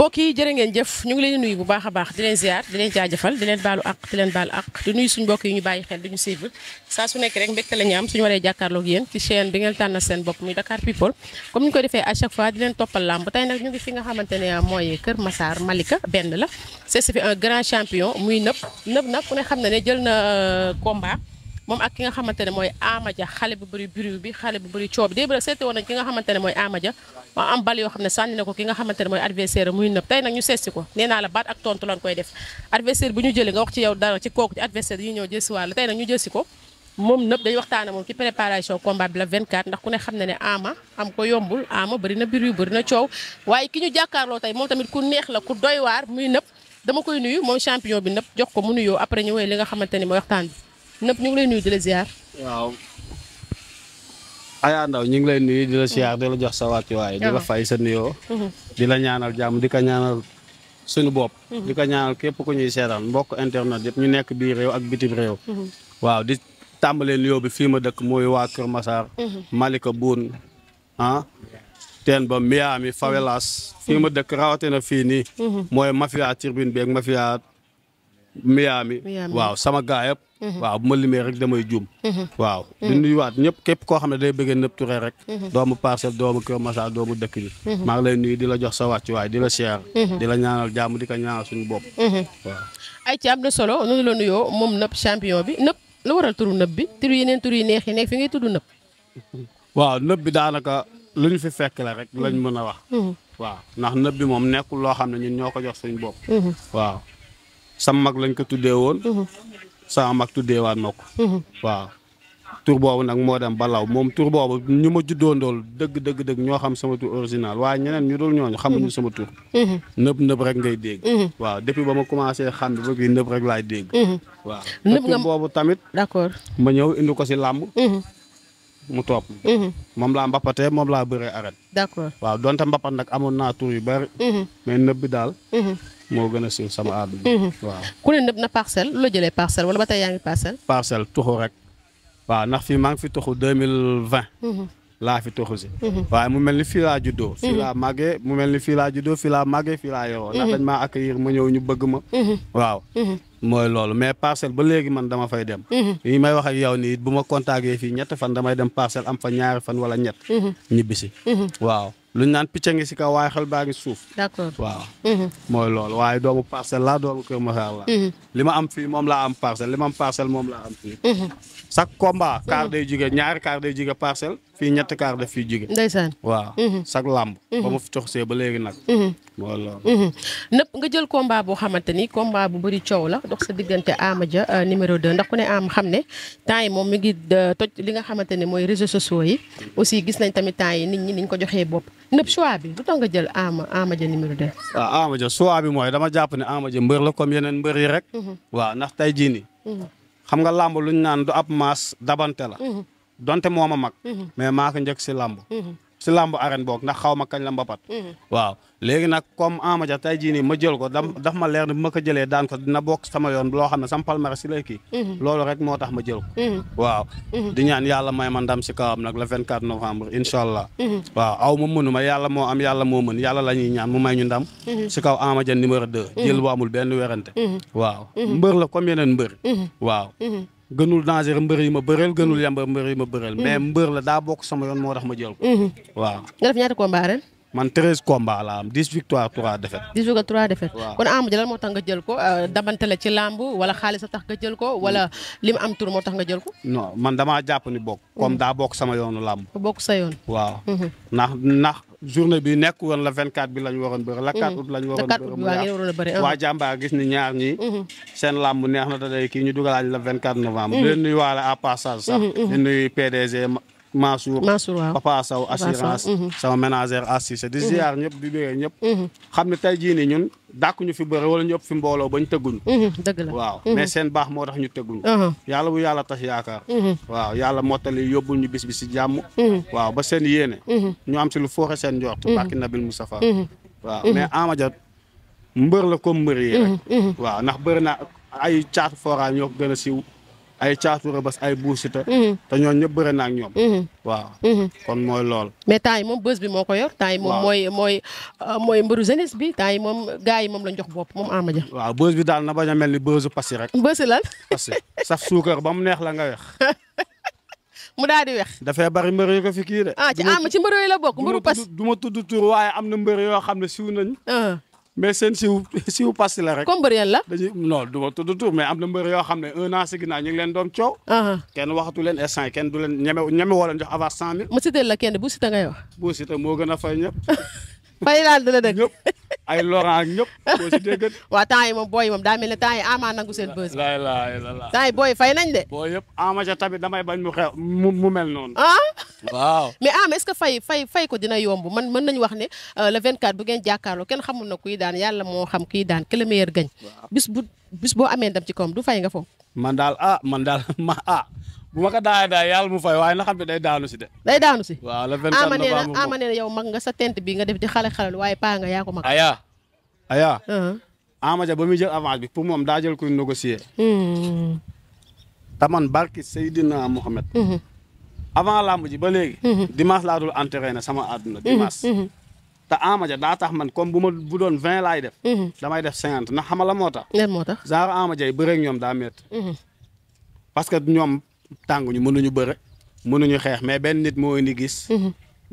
mbokk yi jërë ngeen jëf ñu ngi leen nuyu bu baax a baax di leen ziar di leen jaajëfal di leen baalu ak di leen baalu ak di nuyu suñu mbokk yi ñu bàyyi xel duñu suivre saa su nekk rek mbégte la ñu am suñu waree jàkkaarloog yéen ci chaîne bi ngeen tànn seen bopp muy Dakar People comme ñu ko defee à chaque fois di leen toppal làmb tey nag ñu ngi fi nga xamante ne mooy Kër Massar Malika benn la c'est fi un grand champion muy nëb nëb nag ku ne xam na ne moom ak ki nga xamante ne mooy Ama Dia xale bu bëri biriw bi xale bu bëri coow bi démb rek seeti woon nañ ki nga xamante mooy Ama Dia moo am bal yoo xam ne sànni na ko ki nga xamante ne mooy adversaire muy nëb tey nag ko nee jëlee nga wax ci yow dara ci kooku ci adversaire yi ñëw jël si wàll tey nag ñu jël si ko moom nëb dañ waxtaana moom ci bi la am ko yombul Ama bëri na biriw bëri na coow waaye ki ñu jàkkaarloo tey moom tamit ku neex la ku doy waar muy nëb dama koy nuyu moom champion bi nëb jox ko mu nuyoo après ñu woy li nga xamante ne mooy waxtaan bi nëpp ñu ngi lay nuyu di la ziar. ñu ngi lay nuyu di la ziar di la jox sa wàccuwaay di la ah. fay sa nuyoo. Mhm. di la ñaanal jàmm di ko ñaanal suñu bopp. Mhm. di ko ñaanal képp ku ñuy seetaan mbokk internet yëpp ñu nekk biir réew ak bitim réew. Mhm. waaw di tàmbalee nuyoo bi fii ma dëkk mooy waa Kër Massar. Malika Boune ah. teen ba Miami favelas fii ma dëkk rawatina fii nii. mooy mafia turbine beeg mafia. Miami waaw sama gaayab mhm. waaw bu ma limee rek damay juum mhm. waaw mhm. ñëpp képp koo xam ne day bëggee Nëpp Touré rek doomu parcelle doomu Kër Massar doomu dëkk bi maa ngi lay nuyu di la jox sa wàccuwaay di la siyaar di la ñaanal jàmm di ko ñaanal suñu bopp waaw ay ci na solo nu la nuyoo moom Nëpp champion bi Nëpp la waral turu Nëpp bi turu yi neex yi nekk fi ngay tudd Nëpp waaw Nëpp bi daanaka lu fi fekk la rek lañ mën a wax waaw ndax Nëpp bi moom nekkul loo xam ne ñun ñoo ko jox suñu bopp sama mag lañ ko tuddee woon. Mhm. sama mag tuddee waat ma ko. Mhm. waaw tur boobu nag moo dem ba law moom tur boobu ñu ma juddoondool dëgg dëgg dëgg ñoo xam sama tur original waaye ñeneen ñu dul ñooñu xamuñu mhm. sama tur. nëb nëb rek ngay dégg. waaw depuis ba ma commencé xam bi ba bii nëb rek laay dégg. waaw nëb nga tur boobu tamit. d'accord ma ñëw indi ko si làmb. mu toog moom laa mbappatee moom laa bëree arène. d'accord waaw donte mbappat nag amoon naa tur yu bari. mais nëb bi daal. moo gën a siiw sama àdduna. Mhm. waaw ku ne nëb na parcelle lu la jëlee parcelle wala ba tey yaa ngi parcelle. parcelle tuxu rek waaw ndax fii maa ngi fi tuxu 2020. Mhm. laa fi tuxu si. Mhm. waaye mu mel ni fii laa juddoo. fii laa màggee mu mel ni fii laa juddoo fii laa màggee fii laa yoroo. ndax dañ maa accueillir ma ñëw ñu bëgg ma. waaw. mooy loolu mais parcelle ba léegi man dama fay dem. Mhm. yi may wax ak yow nii bu ma contacté fii ñett fan damay dem parcelle am fa ñaari fan wala ñett. Mhm. ñibbisi. Mhm. waaw lu ñu naan picc ngi si kaw waaye xel baa ngi suuf. d'accord waaw. mooy loolu waaye doomu parcelle laa doomu Kër Masar laa. li ma am fii moom laa am parcelle li ma am parcelle moom laa am fii. chaque combat kaar mhm. day jóge ñaari kaar day jóge parcelle fii ñetti kaar daf fiy jóge ndeysaan waaw mhm. chaque làmb ba mhm. nga jël combat boo xamante ni combat bu bëri coow la dox sa diggante Ama Dia euh, numéro 2 ndax ku ne am xam ne temps yi moom mi ngi euh, toj li nga xamante ne mooy réseaux sociaux yi aussi gis nañ tamit temps yi nit ñi niñ ko joxee bopp nëpp choix bi lu tax nga jël Ama Ama Dia numéro 2 waaw ah, Ama mooy dama jàpp ne Ama Dia la comme yeneen mbër yi rek waaw ndax tey jii xam nga làmb lu ñu naan du ab maas dabante la. Mm-hmm. donte moo ma mag. Mm-hmm. mais maa ko njëkk si si làmb arène boog ndax xaw ma kañ la mbapat mhm. waaw léegi nag kom Ama Dia tey jii nii ma jël ko daf ma leer ne bu ma ko jëlee daan ko dina bokk sama yoon loo xam ne sama palmarès si lay kii mhm. loolu rek moo tax ma jël ko mhm. waaw di ñaan yàlla may ma ndam si kawam nag le 24 novembre incha allah waaw aw ma mënu ma yalla moo am yalla moo mën yàlla la ñuy ñaan mu may ñu ndam si kaw Ama Dia numéro 2 jël bu amul benn werante waaw mbër la comme yeneen mbër waaw gënul danger mbër yi ma bëreel gënul mm. yamba mbër yi ma bëreel. Mm. mais mbër la daa bokk sama yoon moo tax ma jël ko. Mm-hmm. waaw nga def ñaata combat ren. man 13 combats la am 10 victoire 3 défaites. 10 victoire 3 défaites. kon Ama Dia moo tax nga jël ko euh, damante la ci làmb wala xaalis a tax nga jël ko wala li am tur moo tax nga jël ko. man damaa jàpp ni bokk. comme mm-hmm. daa bokk sama yoonu làmb. bokk sa yoon. waaw. Mm-hmm. ndax journée bi nekk woon la 24 bi la mm-hmm. ñu waroon la 4 août la ñu waroon uh-huh. waa jàmbaar gis ni ñaar ñi seen làmb neex na da day ñu dugalaaj la 24 novembre. di leen nuyuwaale à sax. di nuyu Mansour Papa Sow assurance mhm. sama ménagère assise di mhm. ziar ñëpp di béggee ñëpp mhm. xam ne tey jii ni ñun dàkk ñu fi bëri wala ñu ëpp fi mbooloo bañ tëgguñu dëgg la waaw mais seen baax moo tax ñu tëgguñu uh-huh. yàlla bu yàlla tax yaakaar waaw yàlla mottali yóbbul ñu bis bi si jàmm waaw ba seen yéene ñu am si lu fooxe seen njort bàkki Nabil Moustapha waaw mais Amadia mbër la comme mbër yi waaw ndax bëri na ay caatu fora ñoo gën a siiw ay caatu rëbës ay buusita. Mhm. te ñoo ñëpp bëre na ak ñoom. Mhm. waaw mhm. kon mooy lool. mais temps yi moom bës bi moo ko yor. waaw temps yi moom mooy mooy euh, mooy mbëru jeunesse bi temps yi moom gars yi moom lañ jox bopp moom Ama Dia. waaw bës bi daal na bañ a mel ni bësu pasi rek. bësu lan pasi saf suukar ba mu neex la nga wex. mu daal di wex. dafay bari mbër ko fi ah ci Ama ci mbër la bokk mbëru pas. du ma tudd tur waaye am na mbër yoo xam ne siw nañ ah. mais seen siw siw pasti la rek. comme mbër yan la. dañuy non du am na mbër yoo xam ne un an si ginnaaw ñu ngi leen doon coow. Uh-huh. kenn waxatu leen instant ñeme ñeme woo leen cent mille. ma cité la kenn bu cité ngay wax. bu cité moo gën a fay ñëpp. fay laal dina dëgg ay Laurent ak ñëpp koo si dégg. moom booy moom daa mel ne temps nangu seen bës. la la la temps fay nañ de. booy yëpp ama ca tamit damay bañ mu xew mu mel noonu. ah mais ama est fay fay ko dina yomb man mën nañu wax ne euh, le 24 bu ngeen jàkkaarloo kenn xamul na kuy daan yàlla moo xam kuy daan que le meilleur gagne. bis bu bis boo amee ndam ci koom du fay nga foofu. man daal ah man daal ma ah. bu ma ko daay daay yàlla mu fay waaye na xam ne day daanu si de. day daanu si waaw la 24 novembre ama nee na ama nee na yow mag nga sa tent bi nga def di xale xale waaye paa nga yaa ko mag. ayaa ayaa. Uh-huh. ama ja ba muy jël avance bi pour moom hmm. uh-huh. ji ba léegi. Uh-huh. dimanche laa dul entraîné sama àdduna dimanche. te Ama Dia daa tax man comme bu ma bu doon laay def. damay def cinquante ndax xamala moo tax. moo tax genre Ama Dia ñoom daa métti. tànguñu mënuñu bëre mënuñu xeex mais benn nit moo indi gis. Mhm.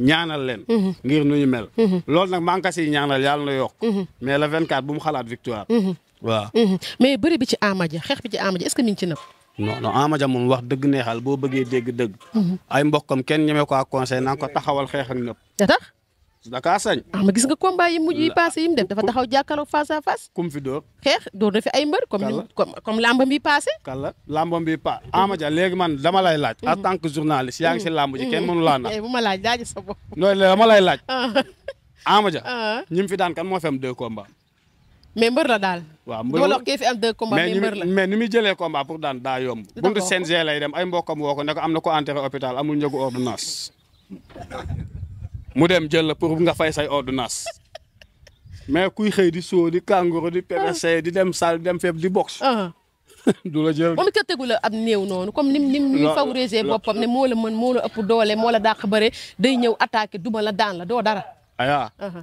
ñaanal leen. Mhm. ngir nu ñu mel. Mhm. loolu nag maa ngi ñaanal yàlla na yokk. mais le 24 bu xalaat victoire. waaw. mais bëri bi ci Ama xeex bi ci Ama Dia est ci nëb. non non moom wax dëgg neexal boo bëggee dégg dëgg. ay mbokkam kenn ñeme ko a conseil na ko taxawal xeex nëb. da kaa sañ. ah ma gis nga combat yi mujj yi passé yi mu dafa taxaw jàkkaarloog face à face. kum fi dóor. xeex dóor na fi ay mbër. comme comme lambam bi passé. kàlla lambam bi pa Ama léegi man dama lay laaj. en mm. tant que journaliste yaa ngi mm. lamb ji kenn mm. mënu laa na. Eh, bu ma laaj laaj sa bopp. loolu dama lay laaj. Ah. Ama Dia. Ah. fi daan kan moo fi am deux combats. mais mbër la daal. waaw mbër la kii fi am deux combats mais mbër ni muy jëlee combat pour daan daa yomb. buntu CNG lay dem ay mbokkam woo ko ne am na ko enterré hôpital amul njëgu ordonnance mu dem jël la pour nga fay say ordonnance mais kuy xëy di sóo di kàngoro di PVC di dem salle di dem fépp di boxe. Ah. du la jël moom tegu la ab néew noonu comme nim nim ni favoriser ne moo la mën moo la doole moo la dàq bëre day ñëw attaqué duma la daan la doo dara. ayaa ah.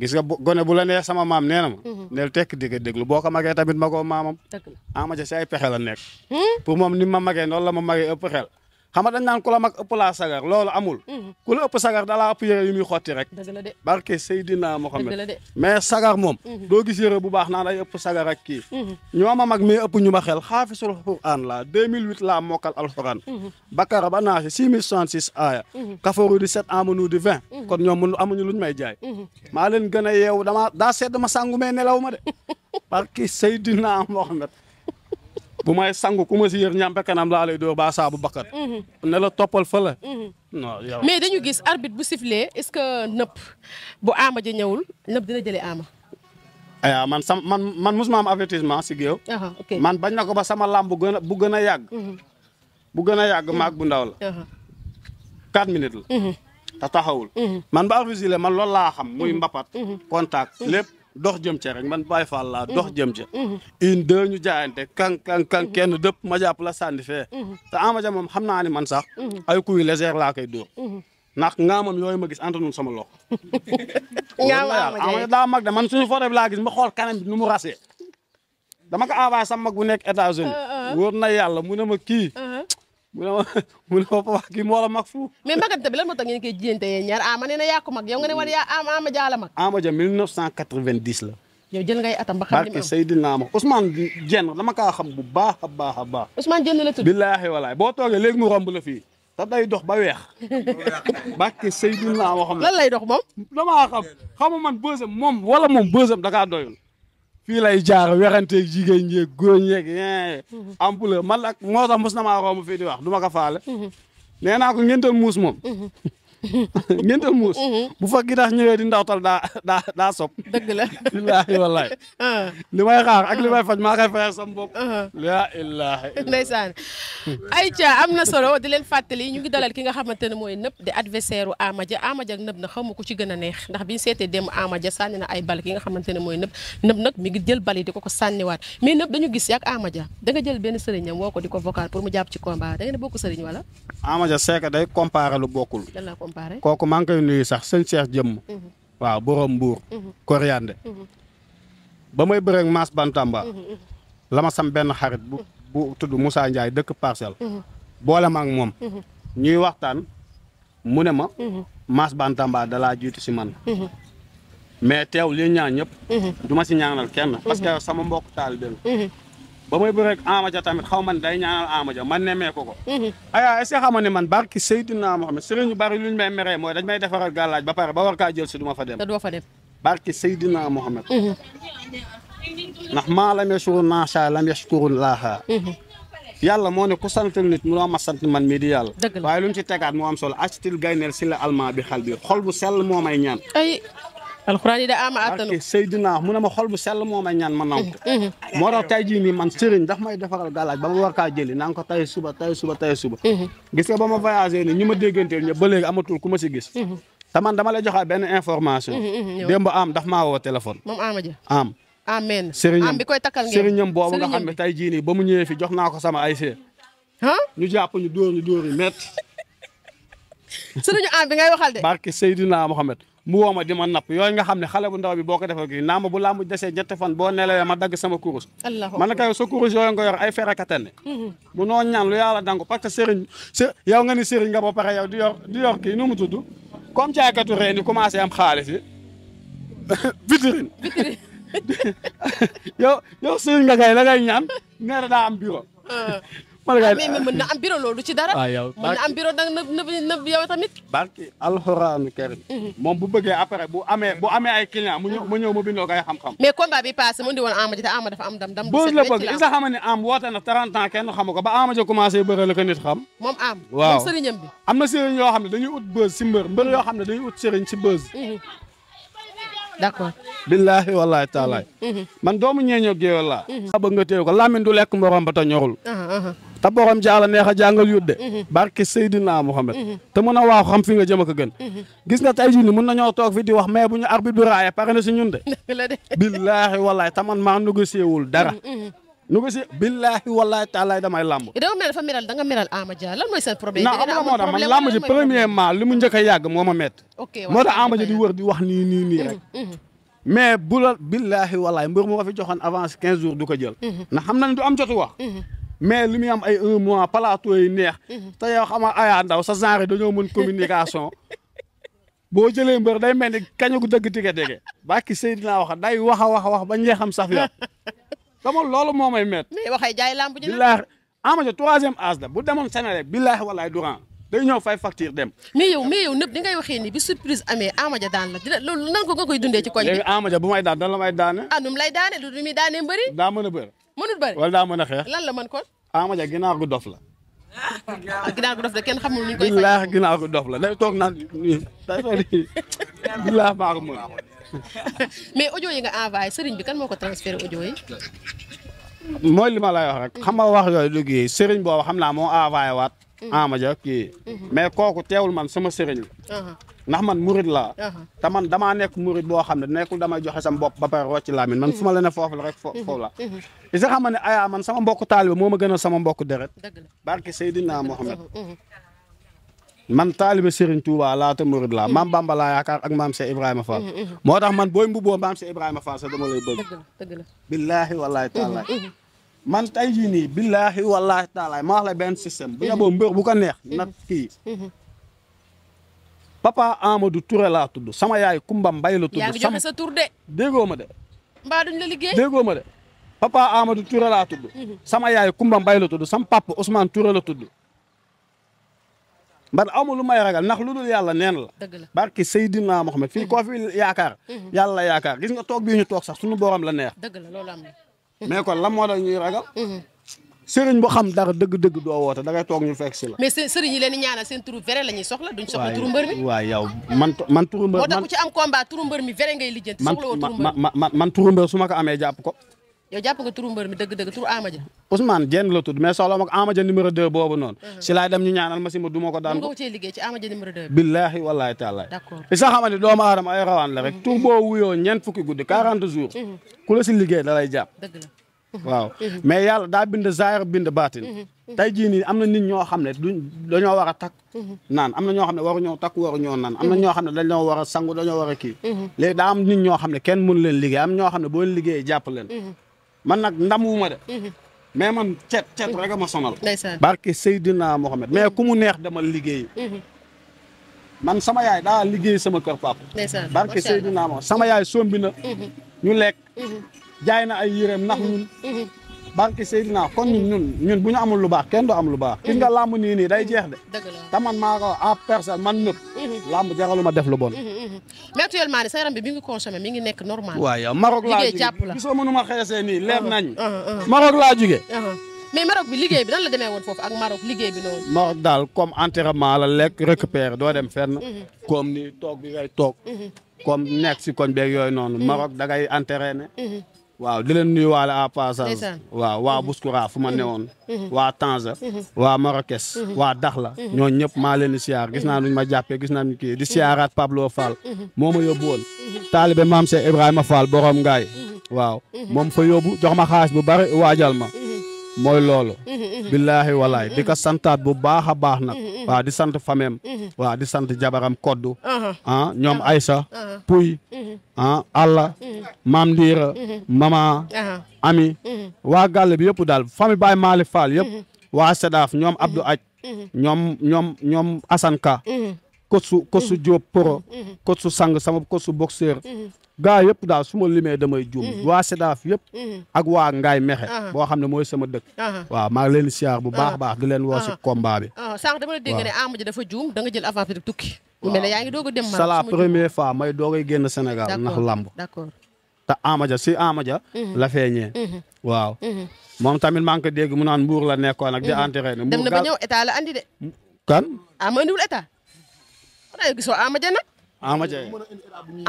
gis nga gone bu la nee sama maam nee na ma. Mhm. neel tekk di ko boo ko magee tamit magoo maamam. dëgg la ama ja si ay pexe la nekk. Hmm? pour moom ni ma magee noonu la ma magee ëpp xel. xam nga dañ naan ku la mag ëpp laa sagar loolu amul mm-hmm. ku la ëpp sagar dalaa ëpp yére yu muy xotti rek barke Seydina Mohamed mais sagar moom mm-hmm. doo gis yére bu baax naan ay ëpp sagar ak kii mm-hmm. ñoo ma mag mais ëpp ñu ma xel xaafisul Qur'an la 2008 laa mokkal alxuraan bakara ba naasi 6066 aaya kafaru di 7 amanu di 20 kon ñoom mun amuñu luñ may jaay maa leen gën a yeewu damaa daa sedd ma sàngu mais nelaw ma de barke Seydina Mohamed bu may sangu ku ma si yër ñàmpe kanam laa lay dóor ba saabu bakkat mhm. ne la toppal fa la mhm. non yow mais dañu gis arbitre bu sifflé est que nëpp bu Ama ja ñëwul nëpp dina jëlee Ama aya man sam man man si géew man bañ na ko ba sama làmb bu gën a bu gën a yàgg mhm. bu gën a yàgg maag bu ndaw la quatre minutes la taxawul man ba arbitre man loolu laa muy mbapat contact lépp dox jëm ca rek man Baye Fall laa dox mhm. jëm ca mhm. une deux ñu jaayante kan kan mhm. kenn dëpp ma jàpp la sànni fee te Ama Dia moom xam naa ni man sax ay kuy légère laa koy dóor ndax ngaamam yooyu ma gis antanul sama loxo ngaamam Ama daa mag de man suñu photo bi laa gis ma xool kanam bi nu mu rasee dama ko envoyé sama bu nekk États-Unis uh, uh. wóor na yàlla mu ne ma kii uh-huh. mu ne ma mu ne ma papa kii moo la mag fu. mais magante bi lan moo tax ngeen koy jiyante yéen ñaar ama nee na yaa ko mag yow nga ne war yaa ama jaa la mag. ama ja 1990 la. yow jël ngay atam ba xam li mu am barke Seydina ma Ousmane Dieng dama kaa xam bu baax a baax a baax. Ousmane Dieng la tudd. billaahi walaay boo toogee léegi mu romb la fii. te day dox ba weex. barke Seydina ma xam. lan lay dox ma damaa xam xamu man bësam moom wala moom bësam da kaa doyul. fii lay jaar weranteeg jigéen ñeeg góor ñeeg mhm. ampleur man ak moo tax mos na maa romb fii di wax du ma ko faale mhm. nee naa ko ngéntal muus moom mhm. ngénte muus mhm. bu fa gitaas ñëwee di ndawtal daa daa dëgg la billaahi wallaahi ah. li may xaar ak li ah. may faj maa ah. am na solo di leen fàttali ñu ngi dalal ki nga xamante ne mooy nëb di adversaire u Amadia Amadia ak nëb na xaw ci gën neex ndax bi ñu dem Amadia sànni na ay bal ki nga xamante ne mooy nëb nëb nag mi ngi jël bal yi di ko ko sànniwaat mais nëb dañu gis yaak Amadia da nga jël benn sëriñam woo ko di ko vocal pour mu jàpp ci combat da ne bokk sëriñ wala Amadia seeka day comparé lu bokkul kooku maa ngi koy nuyu sax sëñ Cheikh jëmm mhm. waaw borom mbuur mhm. koriande mhm. ba may bëreeg Mass Bantamba la sam benn xarit bu bu tudd Moussa Ndiaye dëkk parcelle boole ma ak moom ñuy waxtaan mu ne ma Mass Bantamba dalaa jiitu si man mais teew li ñaan ñëpp du ma si ñaanal kenn parce sama mbokk taalibe la ba may bëreeg Ama Dia tamit xaw man day ñaanal Ama Dia man nemmee ko ko mhm. ayaa est-ce que ne man barki Seydina Mohamed sëriñ yu bari lu ñu may meree mooy dañ may defaral gàllaaj ba pare ba war kaa jël si du ma fa dem te doo fa dem barki Seydina Mohamed mhm. ndax maa lam yashkur naasa lam yashkur laaha mhm. yàlla moo ne ku santal nit munoo ma sant man mii di yàlla waaye lu mu ci tegaat moo am solo astil gayneel si la alma bi xal bi xol bu sel moo may ñaan alxuraan yi da ama attanu Seydina mu ne ma xol bu sell moo may ñaan ma naw ko mhm, mhm. moo tax tey jii nii man sëriñ daf may defaral galaaj ba ma war kaa jëli naa ko tay suba tay suba tay suba mhm. gis nga ba ma voyagé ni ñi ma dégganteel ñëpp ba léegi amatul ku ma si gis te man dama lay joxaat benn information démb am daf maa woo téléphone moom ama ja am amen sëriñam bi koy takkal ngeen sëriñam boobu nga xam ne tey jii nii ba mu ñëwee fi jox naa ko sama ay seer ñu jàpp ñu dóor ñu dóor yi métti sëriñu am bi ngay waxal de mu woo ma di ma napp yooyu nga xam ne xale bu ndaw bi boo ko defee kii naa ma bu làmb desee ñetti fan boo nelawee ma dagg sama kurus man na kayo sa kurus yooyu nga yor ay ferakatenne mu mm-hmm. noo ñaan lu yàlla dangu parce que sëriñ nga ni ba pare yow di yor di yor kii nu mu tudd comme jaaykatu reen yi commencé am xaalis yi vitrine yow yow sëriñ nga kay la ngay ñaan neera daa am bureau ah. Ah, man daal mais mën na am bureau loolu ci dara. waaw ah, na am bureau danga nëb nëb yow barki alxuraan karim. Mhm. moom bu bëggee après bu amee bu amee ay client mu mu ñëw mu bindoo ko ay xam-xam. mais combat bi passé mu indi woon Ama Dia te Ama dafa am dam dam. bu la bëgg isa xam ne am woote na 30 ans kenn xamu ko ba Ama Dia commencé bëre la ko nit xam. moom am waaw moom sëriñam am na sëriñ yoo xam ne dañuy ut buzz si mbër mbër yoo xam ne dañuy ut sëriñ si buzz. Mhm. d'accord. billaahi wallaahi mhm. man doomu ñeeñoo géewal laa. bëgg nga téye ko làmmiñ du lekk morom ba ta ñorul. te boxam jaala neex a jàngal yudde mhm. barke Seydina Mohamed mhm. te mën a waaxu xam fi nga jëm ak a gën mhm. gis nga tey jii ni mën nañoo toog fi di wax mais bu ñu arbitre bi raaye pare na si ñun de billaahi wallaahi te man maa négocié wul dara négocié billaahi wallaahi taalaay damay làmb danga mel dafa meral da moo tax man làmb ji premièrement li mu njëkk a yàgg moo ma moo tax Ama Dia di wër di wax nii nii nii rek mais bu la billaahi wallaahi mbir mu ko fi joxoon avance quinze jours du ko jël mais li muy am ay un mois plateau neex. Mhm. ta yow xam nga Aya sa genre dañoo mën communication. boo jëlee mbër day mel ni kañ gu dëgg dige dige bàkki Seydina wax day wax a wax a wax ba lee xam saf ya dama loolu moo may met billaahi amajo troisième âge la bu demoon Sénégal billaahi walaay durant day ñëw fay facture dem mais yow mais yow nëpp di bi surprise amee amaja daan la dina loolu nan ko nga koy dundee ci koñ bi léegi amaja bu may daan dan la may daane ah nu lay daa mën a bëri mënut bëri wala daa mën a xeex lan la man kon Ama Dia ginaar gu dof la ah, ginaar gu dof la kenn xamul ñu koy billaahi ginaar gu dof la day toog naan billaahi maa ko mën mais audio yi nga envoyé sëriñ bi kan moo ko transféré audio yi mooy li ma lay wax rek xam ma wax yooyu dugg yi sëriñ boobu xam naa moo envoyé waat Mm-hmm. ma Dia kii mm-hmm. mais kooku teewul man sama sëriñ la uh-huh. ndax man murid la uh-huh. te man damaa nekk murid boo xam ne nekkul damay joxe sam bopp ba pare rocci laa min man fu mm-hmm. ma la ne foofu la rek foofu la i sa xam ne ayaa ah, man sama mbokk taalibe moo ma gën a sama mbokk deret barke Seydina Mohamed man taalibe Serigne Touba laata murid laa maam Bamba laa yaakaar ak maam Cheikh Ibrahima Fall moo tax man booy mbubboo maam Cheikh Ibrahima Fall sax dama lay bëgg billaahi wallaahi taala man tey jii nii billaahi wallaahi taalaay la benn système bu yaboo mbër bu ko neex nag kii papa Amadou Touré laa tudd sama yaay Kumba Mbay la tudd yaa ngi joxe sa tur de déggoo ma de mbaa duñ la liggéey déggoo ma de papa Amadou mhm. sama yaay Kumba Mbay la tudd sama papa Ousmane Touré la tudd mbar amul lu may ragal ndax lu dul yàlla neen la barki Seydina Mohamed fii koo fi yaakaar mhm. yàlla yaakaar gis nga toog bii ñu toog sax suñu borom la neex dëgg la loolu mais kon lan moo tax ñuy ragal. Mm-hmm. sëriñ bu xam dara dëgg-dëgg doo woote dangay toog ñu fekk si la. mais seen leen ñaanal seen turu vrai la ñuy soxla duñ soxla turu mbër mi. waaw yow man turu mbër man moo tax ku ci am combat turu mbër mi vrai ngay lijjanti. soxla woo turu mbër man man man turu mbër su ma amee jàpp ko. yow jàpp nga turu mbër mi dëgg-dëgg turu Ama Dia. Ousmane Dieng la tudd mais soxla ma ko Ama Dia numéro uh-huh. ko daan. mun nga ko cee liggéey ci Ama Dia numéro 2 bi. billaahi wallaahi rek. Uh-huh. tur boo wuyoo ñeent fukki guddi 40 uh-huh. si liggéey da lay jàpp. dëgg la. waaw mais yàlla bind zaahir bind baatin tey jii nii am na nit ñoo xam ne duñ dañoo war a takk naan am na ñoo xam ne waruñoo takk waruñoo naan am na ñoo xam ne dañoo war a sangu dañoo war a kii léegi daa am nit ñoo xam ne kenn mënu leen liggéey am ñoo xam ne boo liggéey jàpp leen man nag ndam ma de. Mhm. mais man cet cet mhm. rek a ma sonal. ndeysaan barke Seydina Mohamed mais mhm. ku mu neex dama liggéey. man sama yaay daa liggéey sama kër papa. ndeysaan barke Seydina Mohamed sama yaay sombi na. ñu lekk. jaay na ay yéreem ndax ñun. barke Seydina kon ñun ñun bu ñu amul lu baax kenn do am lu baax. gis nga làmb nii day jeex de. dëgg man maa ko ah, en man nëpp. lamb jaxaluma def la bon. Mhm, mhm. mais actuellement sa yaram bi mi ngi consommé mi ngi nekk normal. waaw yow Maroc laa jugee jàpp la gisoo mënuma xeesee nii leer ah, nañu. Ah, ah, Maroc laa jugee. mais ak bi liggéey bi nan la demee woon foofu ak Maroc liggéey bi noonu. Maroc daal comme entraînement la lekk récupérer doo dem fenn. Mhm. comme ni toog bi ngay toog. comme nekk si koñ beeg yooyu noonu. dagay dangay entraîné. waaw di leen nuyu waale à waaw waa mhm. Bouskoura fu ma newoon mhm. waa Tanza mhm. waa Marrakech waa Daxla ñoo ñëpp maa leen di siyaar gis naa nuñ ma jàppee gis naa nuñ kii di siyaaraat Pablo Fall moo ma yóbbu woon taalibe maam Cheikh Ibrahima Fall borom ngaay waaw moom fa yóbbu jox ma xaalis bu bari waajal ma mooy loolu mm-hmm, mm-hmm. billaahi walaay mm-hmm. di ko santaat bu baax a baax nag waa di sant fameem waa di sant jabaram koddu uh-huh. ah ñoom uh-huh. Aysa uh-huh. puy ah Alla maam Ndiira mama ami waa gàlle bi yëpp daal fami Baay Maali Faal yëpp waa Sedaaf ñoom Abdou Aj ñoom Asanka kosu kosu mhm. Diop Pro. kosu mhm. mhm. sang sama kosu boxeur. gaa yëpp daal su ma limee damay juum. waa Sedaaf yëpp. ak waa Ngaye Mexe. boo xam ne mooy sama dëkk. waaw maa ngi leen siyaar bu baax baax di leen woo si combat bi. sànq dama la dégg ne Ama Dia dafa juum da nga jël avance bi a la première fois may doog a génn Sénégal ndax lamb. d'accord te si Ama Dia. la feeñee. waaw. moom tamit maa ngi ko dégg mu naan mbuur la nekkoon ak di entraîné. dem na ba ñëw état la andi de. kan. ah ma indiwul xanaa gisoo Ama Dia nag. Ama Dia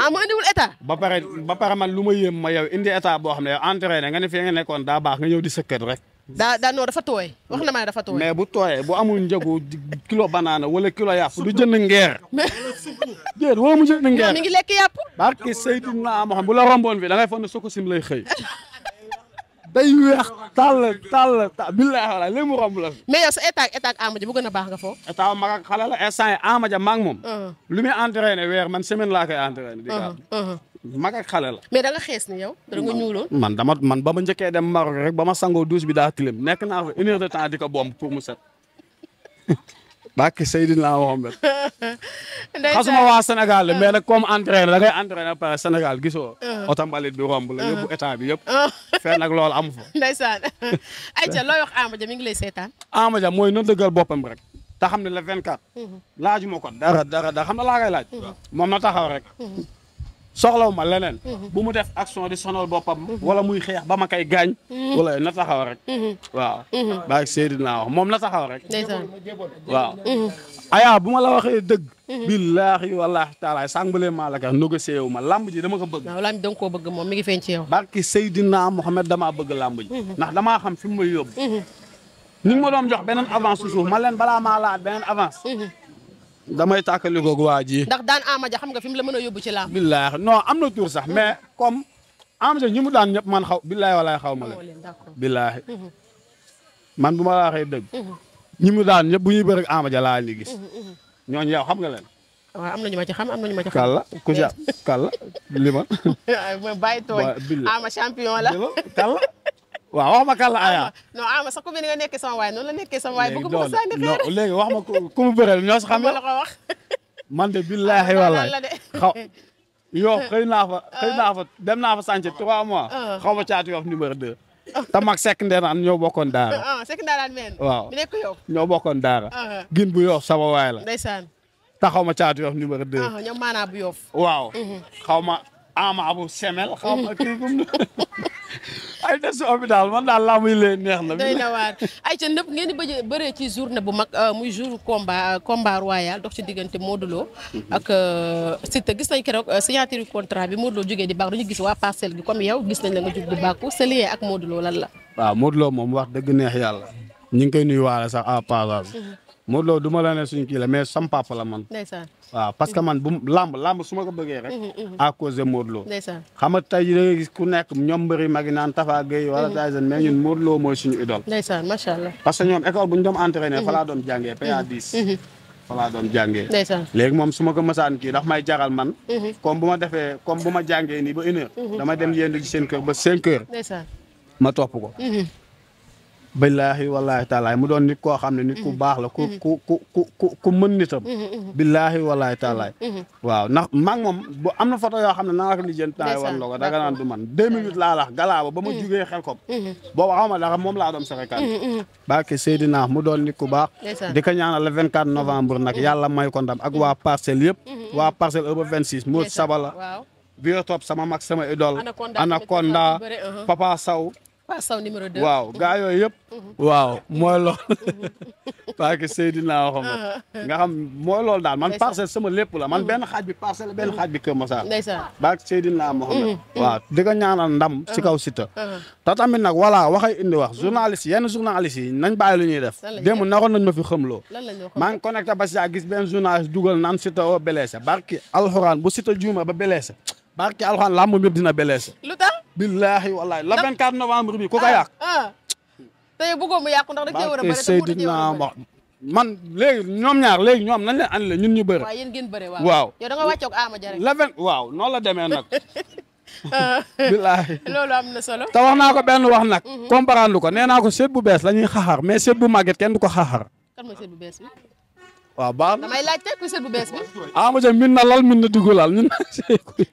Ama ah, indiwul état. ba pare ba pare man lu ma yéem ma yow indi état boo xam ne yow entraîné nga ne fi nga nekkoon daa baax nga ñëw di sëkkat rek. daa daa noo dafa tooy wax na ma dafa tooy. mais bu tooye bu amul njëgu kilo banana wala kilo yàpp du jënd ngeer. déet wala mu jënd ngeer. mi ngi lekk yàpp. barke Seydina Muhammad bu la romboon fi da ngay foog ne Sococim lay xëy. day weex tàll tàll billahi wala léegi mu romb la fi. mais yow sa état état ak Ama Dia bu gën a baax nga foofu. état mag ak xale la instant yi Ama mag moom. Uh-huh. lu muy entraîné weer man semaine laa koy entraîné. di uh-huh, uh-huh. mag ak xale la. mais da xees ni yow. da nga ñuuloon man dama man ba ma njëkkee dem Maroc rek ba ma sangoo douche bi daa tilim nekk naa fa une heure de temps di ko bomb pour mu set. Bakki Seydina Mohamed. ndeysaan xasuma waa Sénégal mais nag comme entraîné da ngay entraîné ba pare Sénégal gisoo. Uh-huh. oto mbalit bi romb la uh-huh. yóbbu état bi yëpp. Uh-huh. fee nag loolu amu fa. ndeysaan ayca looy wax Ama Dia mi ngi lay seetaan. Ama mooy na dëggal boppam rek. te xam la le 24. laajuma ko dara dara dara xam na laa laaj. moom na taxaw rek. soxlaw ma leneen. Mhm. bu mu def action di sonal boppam. Mhm. wala muy xeex ba ma kay gaañ. Mhm. wala na taxaw rek. waaw. baax seedi naa wax moom na taxaw rek. waaw. ayaa bu ma la waxee dëgg. billaahi wallaahi taalaay sàngbalee maa la ka négocié wu ma lamb ji dama ko bëgg. waaw lamb da koo bëgg moom mi ngi feeñ ci yow. barki Seydina Mohamed dama bëgg lamb ji. ndax damaa xam fi mu may yóbbu. ni ma doon jox beneen avance suuf ma leen balaa maa laaj beneen avance. damay tàkkali googu waa ji. ndax daan Ama ja xam nga fi mu la mën a yóbbu ci laa. billaahi non am na tur sax mais mm-hmm. comme Ama Dia ñi mu daan ñëpp man xaw billaahi walaay xaw ma leen. billaahi mm-hmm. man bu ma la waxee dëgg. Mm-hmm. ñi mu daan ñëpp bu ñuy bëri ak Ama Dia laa li gis. ñooñu yow xam nga leen. waaw am na ma xam am na ma ci xam. kàlla ku ca kàlla li ma. bàyyi tooñ Ama champion la kàlla. waaw wax ma kàlla Aya. non ama sax ku bi ni nga nekkee sama waay noonu la nekkee sama waay bëgg ma sànni xeer non léegi wax ma ku mu bëreel ñoo xam la ko wax man de billaahi wallaahi xaw yow xëy naa fa xëy ah. dem naa fa sànci trois mois ah. xaw ma caatu yof numéro deux te mag sekk ndeenaan ñoo bokkoon daara ah, sekk ndeenaan meen waaw mi nekk yow ñoo bokkoon daara gin bu yof sama waay la ndeysaan te xaw ma caatu yof numéro deux ñoom maanaa bu yof waaw mhm. xaw ma ama abu semel xaw ma kii comme ay des hôpital man daal laa muy leen neex na. doy na waar ay ca nëpp ngeen di bëj bëree ci journée bu mag euh, muy jour combat euh, combat royal dox ci diggante Modou Lo mhm. ak euh, Siteu gis nañ keroog signature contrat bi Modou Lo jógee di baax dañu gis waa parcelle bi comme yow gis nañ la nga jóg di bàkku sa lien ak Modou Lo la. waaw Modou moom wax dëgg neex yàlla ñu ngi koy nuyuwaale sax à passage. Mhm. Modou Lo du ma la suñu kii la mais sam papa man. ndeysaan waaw parce que man bu lamb lamb su ma ko bëggee rek. Mhm, mhm. à cause de Modou Lo. ndeysaan xam tey gis ku nekk ñoom mbëri magi naan Tafa Gueye wala mhm. Tyson mais ñun Modou Lo mooy suñu idole. macha allah. parce que ñoom école bu ñu doon entraîné fa laa doon jàngee PA 10. fa laa doon jàngee. ndeysaan léegi moom su ma ko mësaan kii ndax may jaral man. comme bu ma defee comme bu ma jàngee nii ba une dama dem yéen ci seen kër ba cinq heures. ndeysaan ma topp ko. billaahi wallaahi taalaay mu doon nit koo xam ne nit ku mm-hmm. baax la mm-hmm. ku ku ku ku ku mën nitam mm-hmm, billaahi wallaahi taalaay waaw ndax maa ngi moom bu am na photo yoo xam ne naa ko lijjanti naa war la ko da nga naan du man 2008 laa lax ba ba ma jugee xel kom boobu xaw ma dara moom laa doon saxekat baake Seydina mu doon nit ku baax di ko ñaanal le 24 novembre nag yàlla may ko ndam ak waa parcelle yëpp waa parcelle heure ba 26 moo sabala biotop sama mag sama idole anaconda uh-huh. papa saw Pa Sow numéro waaw gaa yooyu yëpp. Uh-huh. waaw mooy loolu. parce que Seydina waxuma uh-huh. nga xam mooy loolu daal man parcelle sama lépp la man uh-huh. benn xaaj bi parcelle benn xaaj bi Kër Masar. ndeysaan baak Seydina Mohamed. waaw di ko ñaanal ndam ci kaw Siteu. te tamit nag voilà waxay indi wax journaliste yenn journaliste yi nañ bàyyi lu ñuy def. démb naroon nañ ma fi xamloo. maa ngi connecté ba si gis benn journaliste dugal naan Siteu oo beleese barki alxuraan bu Siteu juuma ba beleese barki alxuraan làmb yëpp dina beleese. lu billaahi wallaahi la 24 novembre bi ku ko yàq. Ah, ah. te yow bëggoo mu yàqu ndax dañ cee a bëri te mu man léegi ñoom ñaar léegi ñoom nañ leen ànd la ñun ñu bëre. waaw yéen ngeen bëre waaw waaw. yow da nga wàccoog Ama Dia la vingt waaw noonu la demee nag. Ah. billaahi. loolu am na solo. te wax naa ko benn wax nag. Mhm. comprendre ko nee naa ko set bu bees la ñuy xaxar mais set bu màgget kenn du ko xaxar. kan mooy bu bees bi. waaw baax na damay laajte poussière bu bi. ah monsieur min na lal min na diggu laal min na.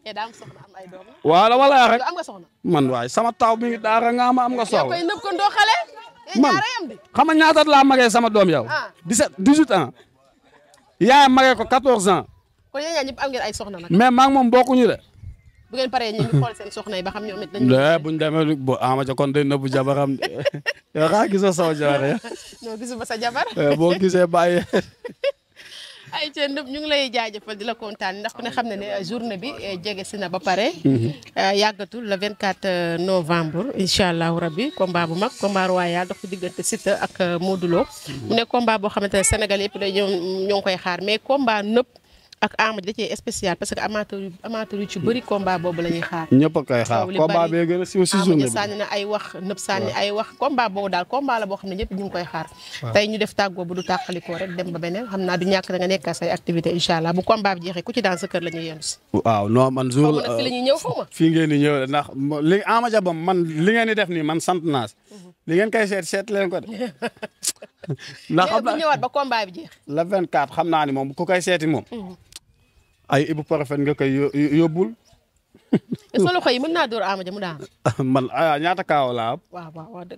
Eh, daa am ay doom. waaw dama lay rek am nga soxna. man waay sama taw bi daara nga am nga soxna. yaa koy nëb kon doo xale. Eh, man xam laa magee sama doom yow. 17 ah. 18 ans. yaay magee ko 14 ans. kon yéen ñëpp am ngeen ay mais maa ngi moom bokkuñu bu pare paree ñu xool seen soxna ba xam ñoom it dañu. bu ñu demee bu Ama Dia kon day nëbbu jabaram de yow xaa gisoo sama jabar ya. non gisuma sa jabar. Eh, boo gisee bàyyi. ay ceen ñu ngi lay jaajëfal di la kontaan ndax ku ne xam na ne eh, journée bi e jege si na ba pare. Mhm. yàggatul le 24 euh, novembre incha allahu rabbi combat bu mag combat royal dox ci diggante Siteu ak euh, Modou Lo. Mhm. mu ne combat boo xamante ne Sénégal yëpp dañoo ñoo koy xaar mais combat nëpp. ak Ama da cee parce que amateur yu amateur yu ci hmm. bëri boobu la xaar. ñëpp a koy xaar combat bee ay wax nëb wax combat boobu daal combat la boo xam ne ñëpp ñu koy xaar. tey ñu def tàggoo bu du tàqalikoo rek dem ba beneen xam naa du ñàkk da nga nekk say activité incha allah bu combat bi jeexee ku ci daan sa kër la ñuy yendu man jour la fi def nii man sant naa mhm. li ngeen koy seet ko de. ndax xam naa bi jeex. le xam naa ni moom ku koy seeti moom mhm. ay ibuprofène nga koy yóbbul. sa loxo yi mën naa dóor Ama Dia mu daan. man ah, ah, ñaata kaaw laa am. waaw waaw de.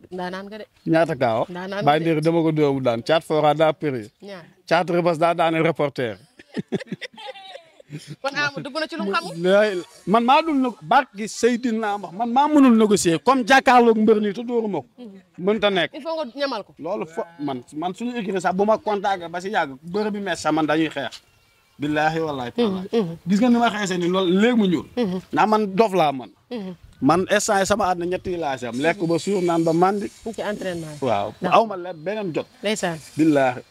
ñaata kaaw. ndaanaan nga de dama ko dóor mu daan caat fora daa péri. ñaar caat daa daane reporter. na ci lu mu xamul. man maa dul nag man maa mënul négocier comme jàkkaarloog mbër nii te dóoruma ko. Mhm. mënut a nekk il faut nga ñamal ko. loolu fo man man suñu écrire sax bu ma contacté ba si yàgg bërëb bi man dañuy xeex. billaahi wallaahi mhm, taala mhm. gis nga ni ma xeesee ni loolu léegi mu ñuul mhm. naa man dof la man man instant yi sama àdduna ñett yi lekk ba suur naan ba mandi waaw ma la beneen jot ndeysaan billaahi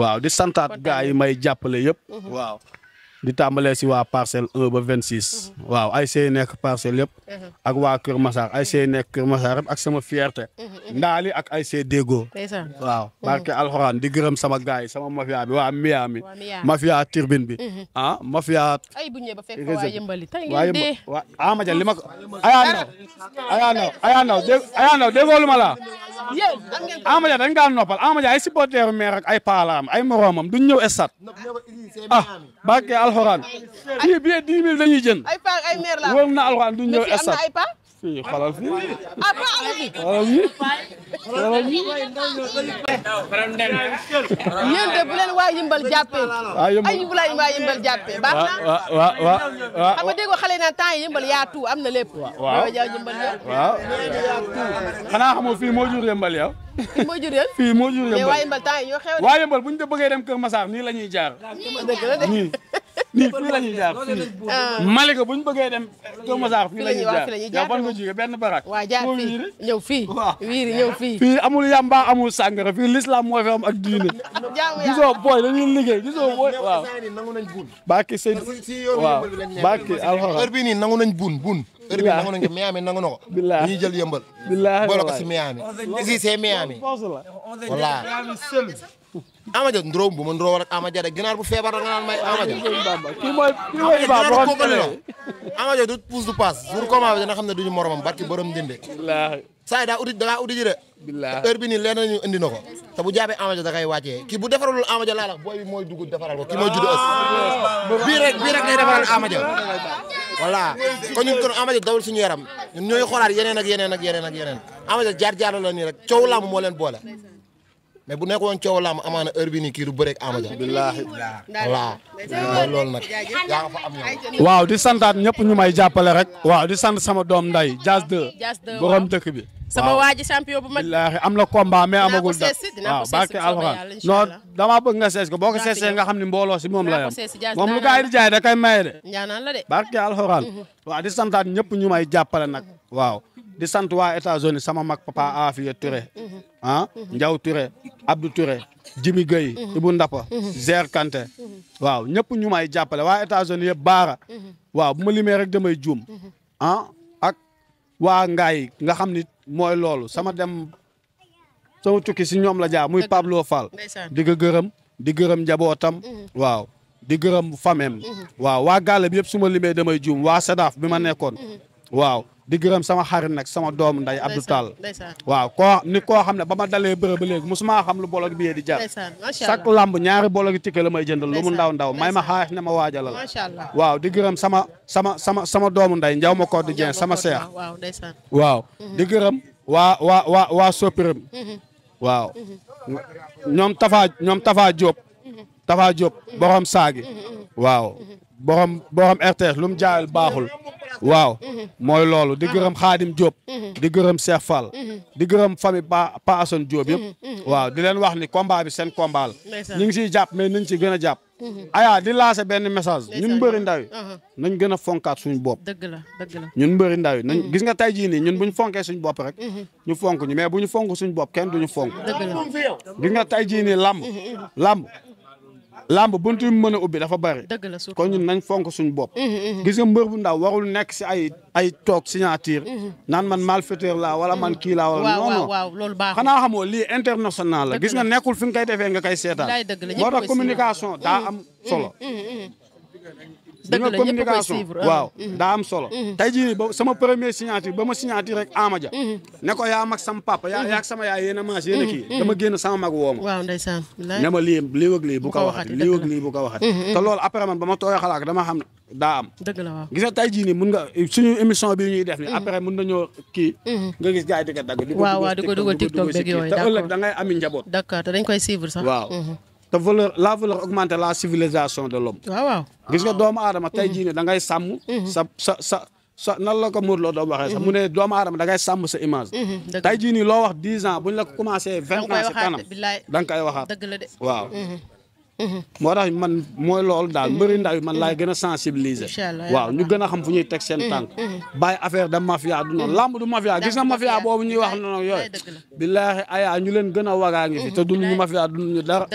waaw di santaat gaa yi may jàppale yëpp waaw di tàmbalee si waa parcelle 1 ba 26. Mhm. waaw ay see nekk parcelle yëpp. Mhm. ak waa Kër Massar ay see nekk Kër Massar yëpp ak sama fierté. Mhm, ndaali ak ay see déggoo. waaw barke alxuraan di gërëm sama gaay sama mafia waa Miami. mafia turbine ah mafia. ay bu ba fekk waa yëmbali tey ngeen dee. waa Ayaa Ndaw Ayaa Ndaw yéen Ama Dia dañ daan noppal Ama Dia ay supporteru meer ak ay paalaam ay moroomam duñ ñëw estat ah barke alxuraan fii billet dix mille la ñuy jënd wóor na alxuraan duñ ñëw fii xoolal fii xoolal fii xoolal fii. yéen de bu leen waa yëmbal jàppee. waa yëmbal ay bu leen waa yëmbal jàppee baax na. waaw waaw waaw. xam nga déggoo xale yi naan temps yi yëmbal yaa tuut am na lépp. waaw waaw waaw. xanaa xamoo fii moo jur yëmbal yow. fii moo jur yël fii moo jur yëmbal mais waa yëmbal temps yi ñoo xew. waa yëmbal bu ñu bëggee dem Kër Massar nii la ñuy jaar. dëgg la de. nii fii la ñuy jaar fii ah. Malika bu ñu bëggee dem Kër Masar fii la ñuy jaar yow ban nga jógee benn barak. waa jaar fii ñëw fii wiiri ñëw fii. fii amul yamba amul sàngara fii l'islam moo fi am ak diine. gisoo booy dañuy liggéey gisoo booy waaw. Baaki sëñ waaw Baaki alhamdulilah. heure bii nii nangu nañ bun bun. heure bii nangu nañ ko Miami nangu na ko. bilaay ñuy jël yëmbal. bilaay boole ko si Miami. si c'est Miami. voilà. Ama Dia ndróo bu ma ndróowal ak Ama Dia de ginaar bu feebar da nga naan may Ama Dia. kii mooy kii mooy Iba boo xam ne du pousse du passe pour combat bi duñu moromam barki borom jënde. saa yi daa uti da ngaa de. billaahi bi ni leer nañu indi na ko. te bu jaabee Ama Dia da wàccee kii bu defaralul Ama Dia laa la mooy dugg defaral ko kii mooy judd ës. bii rek bii rek ñun kon Ama Dia dawul suñu yaram ñun ñooy xoolaat yeneen ak yeneen ak yeneen ak yeneen Ama Dia jaar jaar ni nii rek coow lamb moo leen boole mais bu nekkoon coow laam amaana heure bi nii kii du bëreeg Ama Dia. billaahi loolu nag yaa waaw di santaat ñëpp ñu may jàppale rek. waaw di sant sama doom nday Diaz 2. borom dëkk bi. sama waa ji bu mag. billaahi am na combat mais amagul da waaw barke alxuraan non damaa bëgg nga sees ko boo ko seesee nga xam ne mbooloo si moom la yam moom lu gars di jaay da kay maye de. ñaanal la de. barke alxuraan. waaw di santaat ñëpp ñu may jàppale nag waaw. di sant waa États-Unis sama mag papa mm-hmm. Afia Touré mm-hmm. ah mm-hmm. Ndiaw Touré Abdou Touré Jimi Gueye Ibou Ndapa Kanté waaw ñëpp ñu may jàppale waa États-Unis yëpp baara waaw bu ma rek damay juum ah waa ngaay nga xam ni mooy loolu sama dem sama tukki si ñoom la jaar muy Pablo Fall di ko di gërëm njabootam waaw di gërëm famem waaw waa gàlle bi yëpp su ma damay juum waa SEDAF bi ma nekkoon waaw di gërëm sama xarit nag sama doomu nday Abdou waaw koo ni koo xam ne ba ma dalee bërë ba léegi musuma xam lu bolog bi di jar chaque lamb ñaari bologi tikke la may jëndal lu mu ndaw ndaw may ma xaalis ne ma waajalal waaw di gërëm sama sama sama sama doomu nday njaw ma ko di sama seex waaw mhm. di gërëm waa waa waa waa soppiram mhm. waaw mhm. ñoom tafaa ñoom Tafa Diop Tafa Diop borom saagi waaw boo xam boo RTS lu mu jaayul baaxul waaw mooy loolu di gërëm Xaadim Diop di gërëm Cheikh Fall di gërëm famille Pa Pa Assane Diop yëpp waaw di leen wax ni combat bi seen combat la ñu ngi siy jàpp mais nañ ci gën a jàpp ayaa di lancé benn message ñun mbëri ndaw yi uh-huh. nañ gën a fonkaat suñu bopp dëgg la dëgg la ñun mbëri ndaw yi nañ mm-hmm. gis nga tey jii nii ñun bu ñu fonkee suñu bopp rek mm-hmm. ñu fonk ñu mais bu ñu fonk suñu bopp kenn du ñu dëgg la gis nga tey jii nii làmb mm-hmm. làmb làmb buntu mu mën a ubbi dafa bari kon ñun nañ fonk suñu bopp mm-hmm, mm-hmm. gis nga mbër bu ndaw warul nekk si ay ay toog signature mm-hmm. naan man malfaiteur la wala man kii laa wala non non xanaa xamoo lii international la gis nga nekkul fi nga koy defee nga koy seetaan moo tax communication daa am solo dëgg la communication ah. waaw mm-hmm. daa am solo. Mm-hmm. tey jii ba sama premier signature ba ma signature rek Ama Dia. Mm-hmm. ne ko yaa mag sama papa yaa yaa sama a maas yéen a kii. dama génn sama mag woo ma. waaw ndeysaan. ne ma lii lii wëg lii bu ko waxati lii wëg lii bu waxati. te après man ba ma tooyoo xalaat dama xam daa am. dëgg la waaw gis nga tey mun nga suñu émission bii ñuy def nii. après mun nañoo kii. nga gis gars yi dagg. di ko dugg tiktok di ko dugg da ngay ami njaboot. d' accord te valeur la valeur augmenter la civilisation de l'homme waaw waaw gis ah. doomu aadama tey jii mm-hmm. ne da ngay sàmm mm-hmm. sa sa sa sa nan la ko Modou Lo doon waxee sax mu ne mm-hmm. doomu aadama da ngay sàmm sa image tey jii nii loo wax dix ans buñ la ko commencé vingt ans si kanam da nga koy waxaat waaw moo tax man mooy loolu daal mbëri ndaw man laay gën a sensibiliser waaw ñu gën a xam fu ñuy teg seen mm-hmm. tànk mm-hmm. bàyyi affaire de mafia du noonu lamb du mafia gis nga mafia boobu ñuy wax noonu yooyu billaahi ñu leen gën a wagaa ngi mm-hmm. te du ñu mafia du ñu dara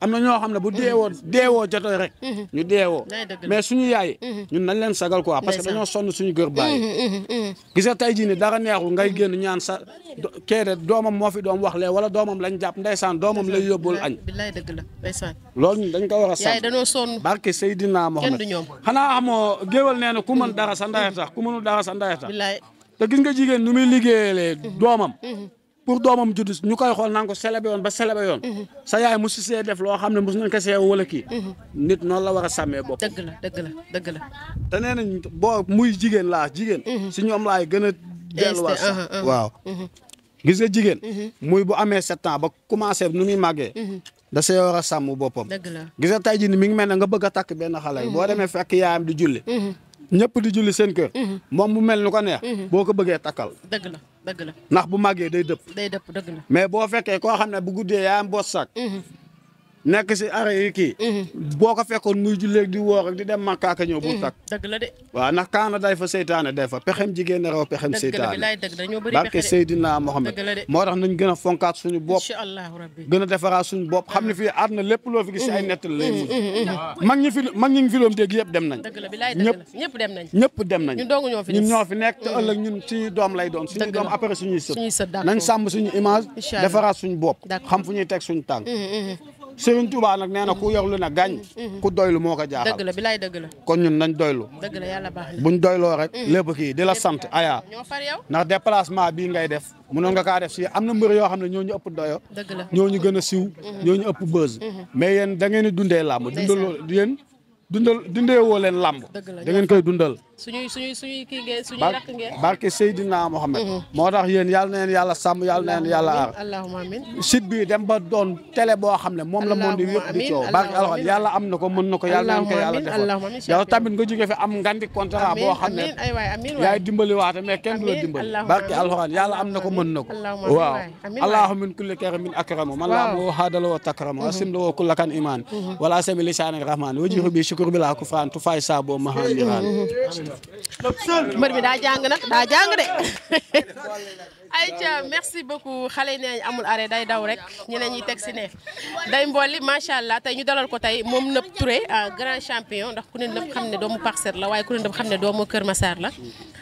am na ñoo xam ne bu deewoo deewoo jotee rek ñu deewoo mais suñu yaay ñun nañ leen sagal quoi parce que dañoo sonn suñu gër bàyyi gis nga tey jii ni dara neexul ngay génn ñaan sa keede doomam moo fi doom wax leen wala doomam lañ jàpp ndeysaan doomam lay yóbbul añ loolu dañ ko war a sàmm dañoo sonn barke Seydina Mohamed xanaa xamoo géwal nee na ku mën dara sa ndaya ku mënul dara sa ndaya tax te gis nga jigéen nu muy liggéeyee mhm. doomam mhm. pour doomam judd ñu koy xool naan ko célébé yoon ba célébé yoon mhm. sa yaay mu see def loo xam ne mos nañ ko seew wala kii nit noonu la war a sàmmee bopp dëgg la dëgg la dëgg la te nee nañ boo muy jigéen laa jigéen si ñoom laay gën a delluwaat sax uh-huh, uh-huh. waaw gis nga jigéen muy bu amee sept ans ba commencé nu muy da see war a sàmm boppam. dëgg la gis nga tey jii mi ngi mel ne nga bëgg a takk benn xale yi. Mhm. boo demee fekk yaayam di julli. Mhm. ñëpp di julli seen kër. Mhm. moom mu mel ni ko neex. boo ko bëggee takkal. dëgg la dëgg la ndax bu màggee day dëpp. day dëpp dëgg la mais boo fekkee koo xam ne bu guddee yaayam boos saak. nekk si arrêt yi kii. Mhm. boo ko fekkoon muy julleeg di woor ak di dem Makka ak ñëw bu mhm. tak dëgg la de. waaw ndax kaana day fa seytaane day fa pexem jigéen na raw pexem seytaane. barke Seydina Mohamed moo tax nañ gën a fonkaat suñu bopp. gën a defaraat suñu bopp xam ne fii àdduna lépp loo fi gis si ay mhm. nett lay mujj. mag ñi fi mag ñi fi loom yëpp dem nañ. dëgg la bi laay dëgg la ñëpp dem nañ. ñëpp dem nañ ñun ñoo fi nekk te ëllëg ñun suñu doom lay doon suñu doom après suñuy sët nañ sàmm suñu image defaraat suñu bopp xam fu ñuy teg suñu tànk Serigne Touba nag nee na ku yorlu nag gàññ ku doylu moo ko jaaxal dëgg la bilaay ñun nañ doylu na buñ doyloo rek mm-hmm. lépp kii di la sant aya ndax déplacement bii ngay def mënoon nga kaa def si am na mbër yoo xam ne ñoo ëpp doyo ñoo ñu a siw mm-hmm. ñoo ëpp buzz mm-hmm. mais yéen da ngeen di dundee làmb dundaloo yéen dundal dundee woo leen làmb da ngeen koy dundal suñuy suñuy suñuy kii ngeen suñuy rakk ngeen barke Seydina Mohamed mm-hmm. moo tax yéen yàlla na leen yàlla sàmm yàlla na leen yàlla aar allahumma amin site bi ba doon télé boo xam ne moom la moom di yëpp di coow barke alxam yàlla am na ko man na ko yàlla na ko yàlla defal yow tamit nga jógee fi am ngandi contrat boo xam ne yaay dimbali waate mais kenn du la dimbali barke alxam yàlla am na ko mën na ko waaw allahumma min kulli karimin akramu man mm-hmm. laa moo haadala woo takramu asim la woo kullakan iman wala sami lisaani rahman wajihu bi sukur bi laa ko faan tu saaboo ma xaan diraan mm-hmm. mbër mi daa jàng nag daa jàng de Aïcha merci beaucoup xale yi nee amul arrêt day daw rek ñeneen ñi teg si ne day mbooli macha allah tey ñu dalal ko tey moom Neup Touré ah, grand champion ndax ku ne Neup xam ne doomu Parcelles la waaye ku ne Neup xam ne doomu Kër Massar la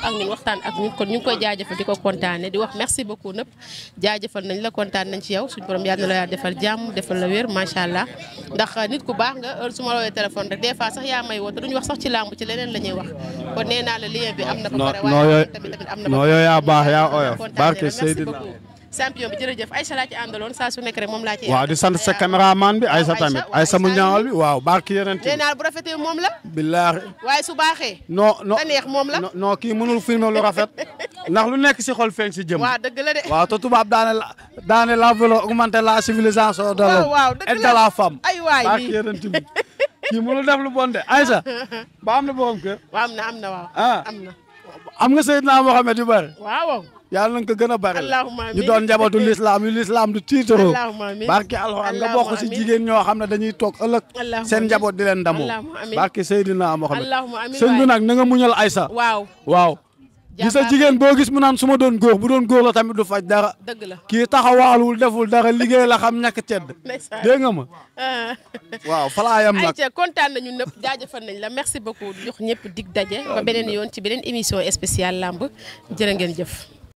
toog ak ñun waxtaan ak kon ñu ngi koy jaajëfal di ko kontaane di wax merci beaucoup nëpp jaajëfal nañ la kontaan nañ ci yow suñu borom yàlla na la yàlla defal jàmm defal la wér macha allah ndax uh, nit ku baax nga heure su ma la woowee téléphone rek des fois sax yaa may woo te duñu wax sax ci làmb ci leneen la ñuy wax kon nee naa la lien bi am na. ba pare waaye tamit tamit am na. non non yooyu yaa baax yaa oyof barke Seydina champion bi jërëjëf Aïssa laa ci àndaloon saa su nekk rek moom laa ci waaw sa caméraman bi Aïssa tamit Aïssa mu ñaawal bi waaw baa yeneen nee naa bu rafetee moom la billaahi waaye su baaxee non non te moom la non kii mënul filmé lu rafet ndax lu nekk si xol feeñ si jëm waaw dëgg la de waaw te tubaab daane la daane la velo augmenter la civilisation de l'homme et de la femme ay waay barki yeneen bi kii mënul def lu bon de Aïssa ba am na borom kër waaw am na am na waaw ah. am na am nga Seydina Mohamed yu bëri waaw yàlla na nga ko gën a bari ñu doon njabootu lislaam yu lislaam du tiitaro barki alxuraan nga bokk si jigéen ñoo xam ne dañuy toog ëllëg seen njaboot di leen damoo barki Seydina Mohamed sëñ bi nag na nga muñal Aysa waaw waaw gis nga jigéen boo gis mu naan su ma doon góor bu doon góor la tamit du faj dara dëgg la wul taxawaalul deful dara liggéey la xam ñàkk tedd dégg nga ma ah. waaw falaayam nag ayca kontaan nañu nëpp jaajëfal nañ la merci beaucoup jox ñëpp dig daje ba beneen yoon ci beneen émission spéciale lamb jërë ngeen jëf